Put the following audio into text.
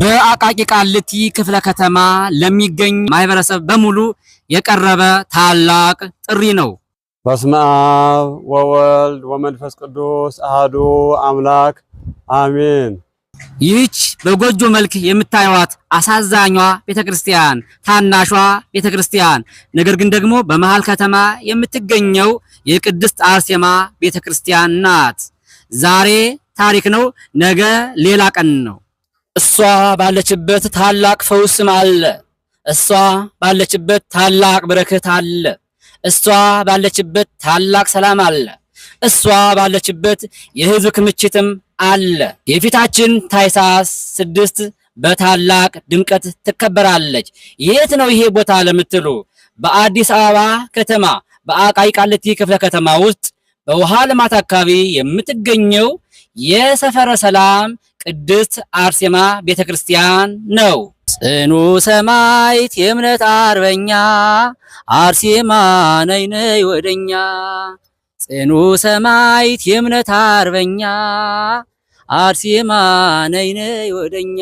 በአቃቂ ቃልቲ ክፍለ ከተማ ለሚገኝ ማህበረሰብ በሙሉ የቀረበ ታላቅ ጥሪ ነው። በስመ አብ ወወልድ ወመንፈስ ቅዱስ አህዱ አምላክ አሜን። ይህች በጎጆ መልክ የምታዩት አሳዛኟ ቤተክርስቲያን ታናሿ ቤተክርስቲያን፣ ነገር ግን ደግሞ በመሃል ከተማ የምትገኘው የቅድስት አርሴማ ቤተክርስቲያን ናት። ዛሬ ታሪክ ነው፣ ነገ ሌላ ቀን ነው። እሷ ባለችበት ታላቅ ፈውስም አለ። እሷ ባለችበት ታላቅ በረከት አለ። እሷ ባለችበት ታላቅ ሰላም አለ። እሷ ባለችበት የህዝብ ክምችትም አለ። የፊታችን ታኅሳስ ስድስት በታላቅ ድምቀት ትከበራለች። የት ነው ይሄ ቦታ ለምትሉ በአዲስ አበባ ከተማ በአቃቂ ቃሊቲ ክፍለ ከተማ ውስጥ በውሃ ልማት አካባቢ የምትገኘው የሰፈረ ሰላም ቅድስት አርሴማ ቤተ ክርስቲያን ነው። ጽኑ ሰማዕት የእምነት አርበኛ አርሴማ ነይ ነይ ወደኛ። ጽኑ ሰማዕት የእምነት አርበኛ አርሴማ ነይ ነይ ወደኛ